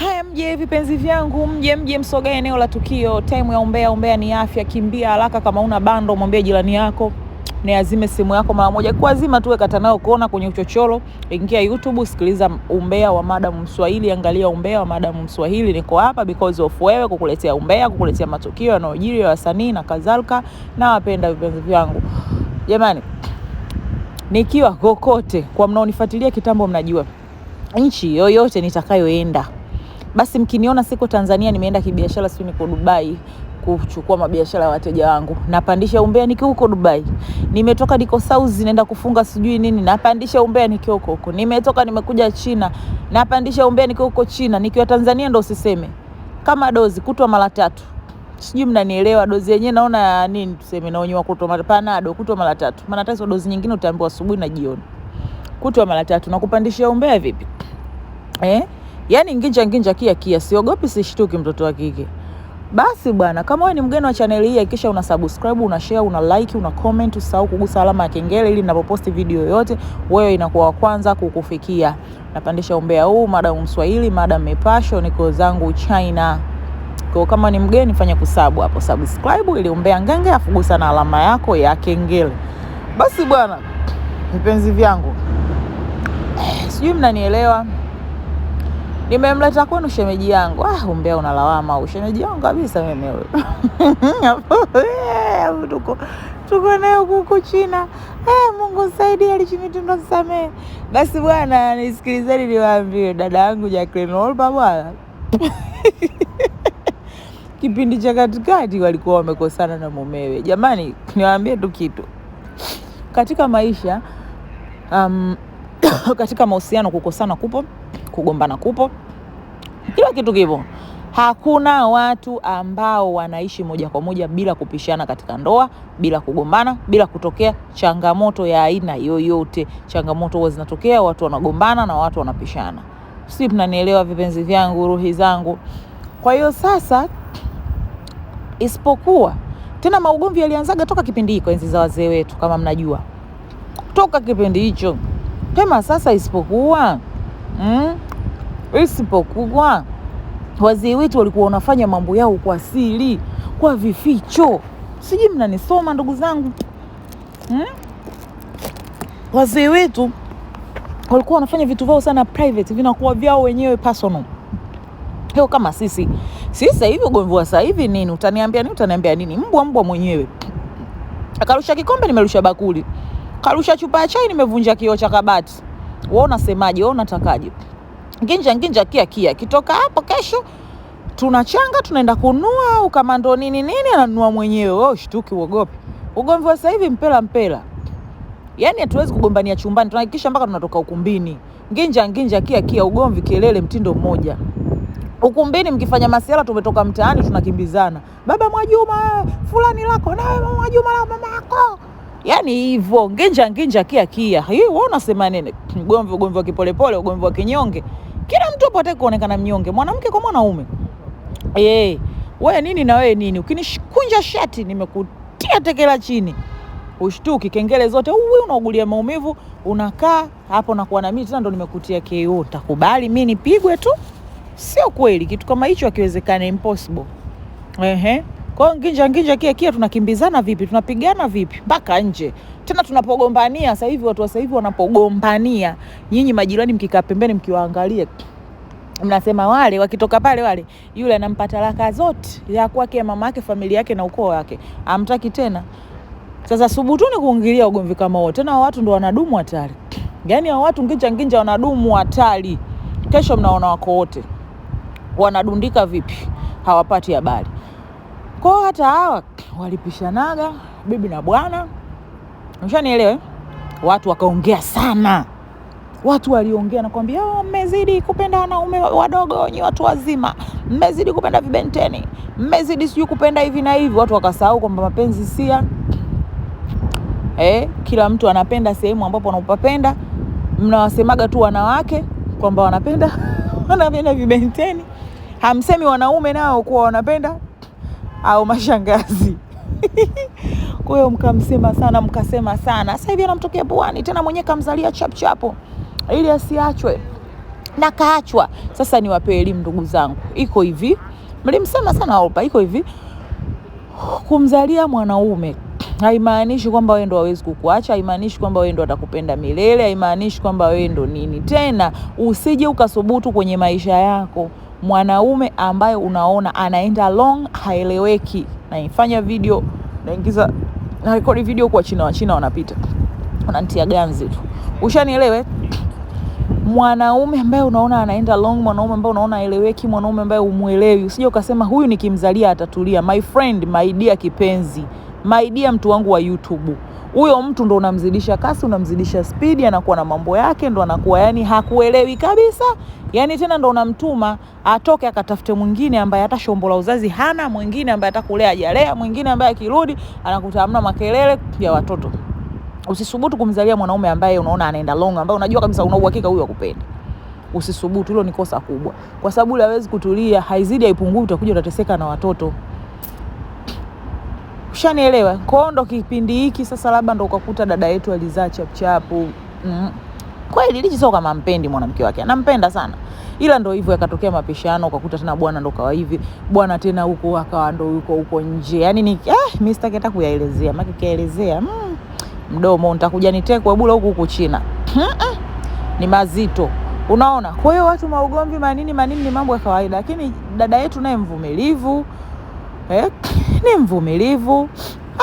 Haya, mje vipenzi vyangu, mje mje, msogee eneo la tukio. Time ya ombea ombea ni afya. Kimbia haraka, kama una bando mwambie jirani yako ni azime simu yako mara moja, kwa kuazima tu weka tanao kuona kwenye uchochoro. Ingia YouTube, sikiliza umbea wa Madam Mswahili, angalia umbea wa Madam Mswahili. Niko hapa because of wewe, kukuletea umbea, kukuletea matukio yanayojiri ya wasanii na kadhalika. Na wapenda vipenzi vyangu, jamani, nikiwa kokote, kwa mnaonifuatilia kitambo, mnajua nchi yoyote nitakayoenda basi mkiniona siko Tanzania, nimeenda kibiashara, sio niko Dubai kuchukua mabiashara ya wateja wangu, napandisha umbea nikiwa huko Dubai. Nimetoka niko South naenda kufunga sijui nini, napandisha umbea nikiwa huko huko. Nimetoka nimekuja China, napandisha umbea nikiwa huko China. Nikiwa Tanzania ndo usiseme kama dozi kutwa mara tatu, sijui mnanielewa. Dozi yenyewe naona nini, tuseme naonywa kutwa mara panado, kutwa mara tatu, maana tatizo dozi nyingine utaambiwa asubuhi na jioni, kutwa mara tatu. Nakupandishia umbea vipi eh? yani nginja nginja kia kia, siogopi sishtuki, mtoto wa kike. Basi bwana, kama wewe ni mgeni wa channel hii, hakikisha una subscribe, una share, una like, una comment. Usahau kugusa alama ya kengele ili ninapoposti video yoyote wewe inakuwa wa kwanza kukufikia. Napandisha umbea huu, madam Mswahili, madam Mepasho, niko zangu China. Kwa kama ni mgeni, fanya kusabu hapo subscribe, ili umbea ngenge afugusa na alama yako ya kengele. Basi bwana, vipenzi vyangu, eh, sijui mnanielewa nimemleta kwenu shemeji yangu. Ah, umbea unalawama au shemeji yangu kabisa mimi huyu. Yaani tuko tuko nayo huko China. Eh, Mungu saidi alichimitundo samee. Basi bwana, nisikilizeni niwaambie, dada yangu Jacqueline Olba bwana kipindi cha katikati walikuwa wamekosana na mumewe. Jamani, niwaambie tu kitu katika maisha um, katika mahusiano kukosana kupo kugombana kupo, kila kitu kipo. Hakuna watu ambao wanaishi moja kwa moja bila kupishana katika ndoa, bila kugombana, bila kutokea changamoto ya aina yoyote. Changamoto huwa zinatokea, watu wanagombana na watu wanapishana. Si tunanielewa vipenzi vyangu, ruhi zangu? Kwa hiyo sasa, isipokuwa tena maugomvi yalianzaga toka kipindi hiko, enzi za wazee wetu, kama mnajua, toka kipindi hicho tena. Sasa isipokuwa mm? Isipokuwa wazee wetu walikuwa wanafanya mambo yao kwa siri, kwa vificho. Sijui mnanisoma ndugu zangu mm? Wazee wetu walikuwa wanafanya vitu vyao sana private, vinakuwa vyao wenyewe personal. Heo kama sisi sisi sasa hivi ugomvi wa sasa hivi nini? Utaniambia nini? Utaniambia nini? Mbwa mbwa mwenyewe akarusha kikombe, nimerusha bakuli, karusha chupa ya chai, nimevunja kioo cha kabati wewe unasemaje? Wewe unatakaje? Nginja nginja kia kia, kitoka hapo kesho tunachanga tunaenda kunua ukamando nini nini, ananua mwenyewe. Wewe ushtuki, uogope. Ugomvi wa sasa hivi mpela mpela, Yani hatuwezi kugombania chumbani, tunahakikisha mpaka tunatoka ukumbini. Nginja nginja kia kia, ugomvi, kelele, mtindo mmoja ukumbini mkifanya masiala, tumetoka mtaani tunakimbizana, baba Mwajuma eh, fulani lako nawe Mwajuma la mama yako yani hivyo nginja nginja kia kia. Hii wewe unasema nini? mgomvi ugomvi wa kipolepole, ugomvi wa kinyonge. Kila mtu apate kuonekana mnyonge, mwanamke kwa mwanaume. Eh, wewe nini na wewe nini? Ukinikunja shati nimekutia tekela chini. Ushtuki kengele zote uwe unaugulia maumivu, unakaa hapo na kuwa na mimi tena ndo nimekutia KO. takubali mimi nipigwe tu? Sio kweli, kitu kama hicho hakiwezekani, impossible. Ehe. uh-huh. Kwa hiyo nginja nginja, kia kia, tunakimbizana vipi, tunapigana vipi mpaka nje tena tunapogombania. Sasa hivi watu wa sasa hivi wanapogombania, nyinyi majirani mkikaa pembeni, mkiwaangalia mnasema wale wakitoka pale, wale yule anampa talaka zote ya kwake, ya mama yake, familia yake na ukoo wake, amtaki tena. Sasa subutuni kuingilia ugomvi kama huo tena, watu ndo wanadumu hatari, yaani hao watu nginja nginja wanadumu hatari. Kesho mnaona wako wote wanadundika vipi, hawapati habari kwao hata hawa walipishanaga bibi na bwana, mshanielewe. Eh? Watu wakaongea sana, watu waliongea, nakwambia oh, mmezidi kupenda wanaume wadogo, wenye watu wazima, mmezidi kupenda vibenteni, mmezidi sijui kupenda hivi na hivi. Watu wakasahau kwamba mapenzi sia eh, kila mtu anapenda sehemu ambapo anapopapenda. Mnawasemaga tu wanawake kwamba wanapenda wanapenda vibenteni, hamsemi wanaume nao kuwa wanapenda au mashangazi kwa hiyo mkamsema sana, mkasema sana. Sasa hivi anamtokea puani tena, mwenyewe kamzalia chapchapo ili asiachwe na kaachwa. Sasa niwape elimu ndugu zangu, iko hivi, mlimsema sana Olpa, iko hivi, kumzalia mwanaume haimaanishi kwamba wewe ndo hawezi kukuacha, haimaanishi kwamba wewe ndo atakupenda milele, haimaanishi kwamba wewe ndo nini. Tena usije ukasubutu kwenye maisha yako mwanaume ambaye unaona anaenda long haeleweki, naifanya video naingiza na rekodi video kwa China, Wachina wanapita wanantia ganzi tu, ushanielewe. Mwanaume ambaye unaona anaenda long, mwanaume ambaye unaona aeleweki, mwanaume ambaye umwelewi, usije ukasema huyu nikimzalia atatulia. My friend, my dear kipenzi, my dear mtu wangu wa YouTube huyo mtu ndo unamzidisha kasi, unamzidisha spidi, anakuwa na mambo yake, ndo anakuwa yani hakuelewi kabisa, yani tena ndo unamtuma atoke akatafute mwingine ambaye hata shombo la uzazi hana, mwingine ambaye hata kulea hajalea, mwingine ambaye akirudi anakuta amna makelele ya watoto. Usisubutu kumzalia mwanaume ambaye unaona anaenda long, ambaye unajua kabisa una uhakika huyo akupenda. Usisubutu, hilo ni kosa kubwa, kwa sababu hawezi kutulia, haizidi haipungui, utakuja utateseka na watoto. Ushanielewa? Kwao ndo kipindi hiki sasa, labda ndo ukakuta dada yetu alizaa chapchapu mm. Kweli Lichi sio kama mpendi mwanamke wake, anampenda sana, ila ndo hivyo yakatokea mapishano, ukakuta tena bwana ndo kawa hivi bwana tena huko akawa ndo yuko huko nje, yani ni eh, mimi sitaki hata kuyaelezea, maana kielezea mm, mdomo nitakuja nitekwe bula huku huku China ni mazito, unaona. Kwa hiyo watu maugomvi manini manini ni mambo ya kawaida, lakini dada yetu naye mvumilivu eh, ni mvumilivu,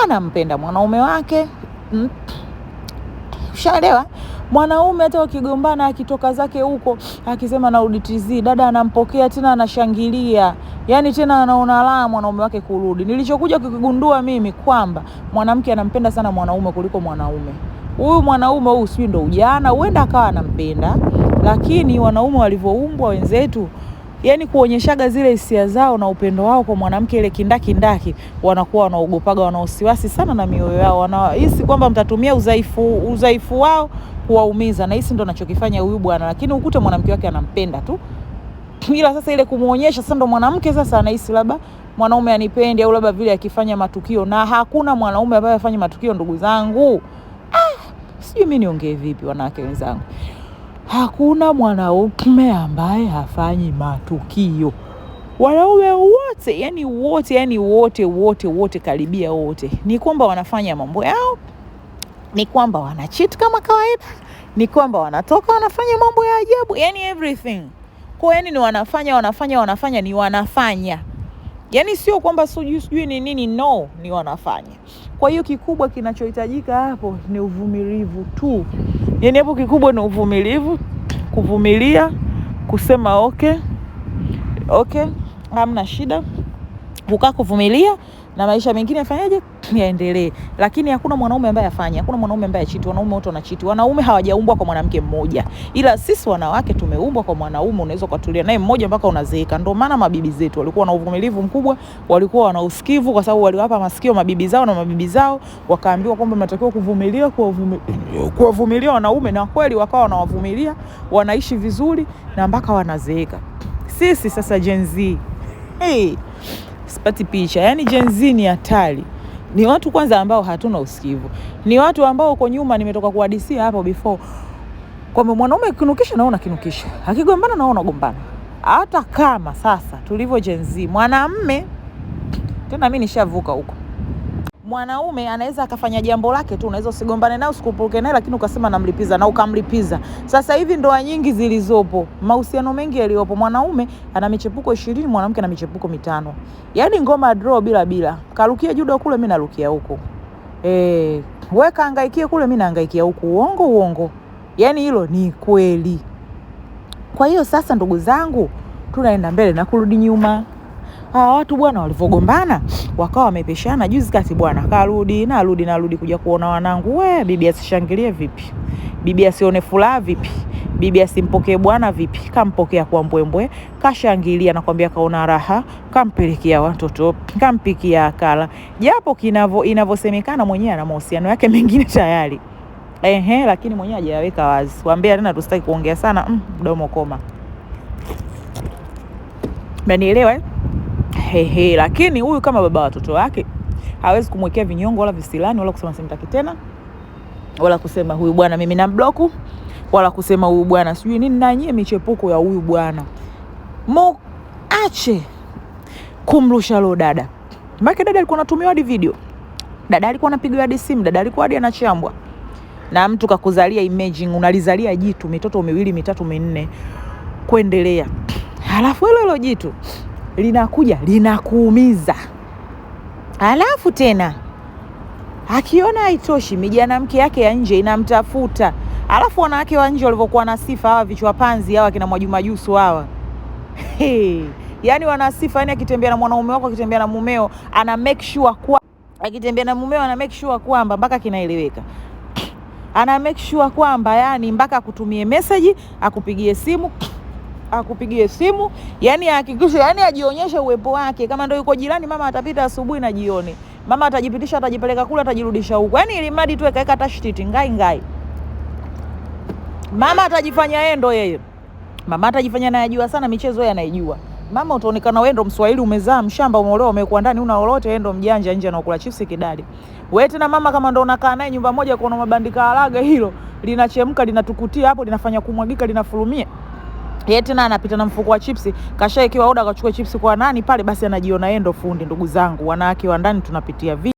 anampenda mwanaume wake. Mm. Ushaelewa? Mwanaume hata ukigombana akitoka zake huko akisema narudi TZ, dada anampokea tena, anashangilia yani tena anaona raha mwanaume wake kurudi. Nilichokuja kukigundua mimi kwamba mwanamke anampenda sana mwanaume kuliko mwanaume huyu. Mwanaume huyu sijui ndo ujana, huenda akawa anampenda, lakini wanaume walivyoumbwa wenzetu yani kuonyeshaga zile hisia zao na upendo wao kwa mwanamke ile kindakindaki, wanakuwa wanaogopaga, wanaosiwasi sana na mioyo yao, wanahisi kwamba mtatumia udhaifu udhaifu wao kuwaumiza, na hisi ndo anachokifanya huyu bwana, lakini ukute mwanamke wake anampenda tu, ila sasa ile kumuonyesha sasa, ndo mwanamke sasa anahisi labda mwanaume anipendi au labda vile akifanya matukio, na hakuna mwanaume ambaye afanye matukio, ndugu zangu. Ah, sijui mimi niongee vipi wanawake wenzangu. Hakuna mwanaume ambaye hafanyi matukio. Wanaume wote yani wote yani wote wote wote karibia wote, ni kwamba wanafanya mambo yao, ni kwamba wanachit kama kawaida, ni kwamba wanatoka wanafanya mambo ya ajabu, yani everything kwa yani ni wanafanya wanafanya wanafanya ni wanafanya yani, sio kwamba sijui sijui ni nini, no, ni wanafanya. Kwa hiyo kikubwa kinachohitajika hapo ni uvumilivu tu. Yaani hapo kikubwa ni uvumilivu, kuvumilia, kusema okay, okay, hamna shida, kukaa kuvumilia na maisha mengine yafanyaje, yaendelee. Lakini hakuna mwanaume ambaye afanye, hakuna mwanaume ambaye achiti. Wanaume wote wanachiti. Wanaume hawajaumbwa kwa mwanamke mmoja, ila sisi wanawake tumeumbwa kwa mwanaume, unaweza kutulia naye mmoja mpaka unazeeka. Ndio maana mabibi zetu walikuwa na uvumilivu mkubwa, walikuwa wana usikivu, kwa sababu waliwapa masikio mabibi zao na mabibi zao wakaambiwa kwamba mnatakiwa kuvumilia, kuwavumilia wanaume, na kweli wakawa wanawavumilia, wanaishi vizuri na mpaka wanazeeka. Sisi sasa Gen Z hey sipati picha. Yaani Gen Z ni hatari, ni watu kwanza ambao hatuna usikivu, ni watu ambao kwa nyuma nimetoka kuhadisia hapo before kwamba mwanaume kinukisha naona kinukisha, akigombana naona gombana. Hata kama sasa tulivyo Gen Z, mwanamme tena, mi nishavuka huko mwanaume anaweza akafanya jambo lake tu, unaweza usigombane naye usikupuke naye, lakini ukasema namlipiza na ukamlipiza. Sasa hivi ndoa nyingi zilizopo, mahusiano mengi yaliyopo, mwanaume ana michepuko ishirini, mwanamke ana michepuko mitano, yaani ngoma draw bila bila. Karukia judo kule, mimi narukia huko eh, we kaangaikie kule, mimi naangaikia huku, uongo uongo, yaani hilo ni kweli. Kwa hiyo sasa, ndugu zangu, tunaenda mbele na kurudi nyuma hawa watu bwana walivyogombana wakawa wamepishana juzi kati bwana karudi narudi narudi kuja kuona wanangu we bibi asishangilie vipi bibi asione furaha vipi bibi asimpokee bwana vipi kampokea kwa mbwembwe kashangilia nakwambia kaona raha kampelekea watoto kampikia akala japo kinavyo inavyosemekana mwenyewe ana mahusiano yake mengine tayari ehe lakini mwenyewe hajaweka wazi waambia tena tusitaki kuongea sana mm, mdomo mm, koma nanielewa eh? hehe, lakini huyu kama baba watoto wake hawezi kumwekea vinyongo wala visilani wala kusema simtaki tena wala kusema huyu bwana mimi na mbloku wala kusema huyu bwana sijui nini, na nyie michepuko ya huyu bwana muache kumrusha lo dada. Maana dada alikuwa anatumiwa hadi video, dada alikuwa anapigiwa hadi simu, dada alikuwa hadi anachambwa na mtu kakuzalia. imaging, unalizalia jitu mitoto miwili mitatu minne kuendelea, halafu hilo hilo jitu linakuja linakuumiza. Alafu tena akiona haitoshi, mke yake ya nje inamtafuta. Alafu wanawake wa nje walivyokuwa na sifa, hawa vichwa panzi hawa, kina Mwajumajusu hawa Yani wana sifa, yani akitembea na mwanaume wako, akitembea na mumeo ana make sure kwa akitembea na mumeo ana make sure kwamba mpaka kinaeleweka ana make sure kwamba yani mpaka akutumie message, akupigie simu akupigie simu, yani ahakikishe, yani ajionyeshe uwepo wake. Kama ndio yuko jirani, mama atapita asubuhi na jioni, mama atajipitisha, atajipeleka kule, atajirudisha huko, yani ili mradi tu akaeka tashtiti ngai ngai. Mama atajifanya yeye ndo yeye, mama atajifanya anayajua sana michezo, yeye anaijua Mama utaonekana wewe ndo Mswahili, umezaa mshamba, umeolewa, umekuwa ndani, una lolote, yeye ndo mjanja nje na kula chipsi kidali. Wewe tena mama, kama ndo unakaa naye nyumba moja, kuna mabandika alaga hilo linachemka linatukutia hapo, linafanya kumwagika, linafurumia yeye tena anapita na mfuko wa chipsi, kashaikiwa oda, akachukua chipsi kwa nani pale, basi anajiona yeye ndo fundi. Ndugu zangu, wanawake wa ndani tunapitia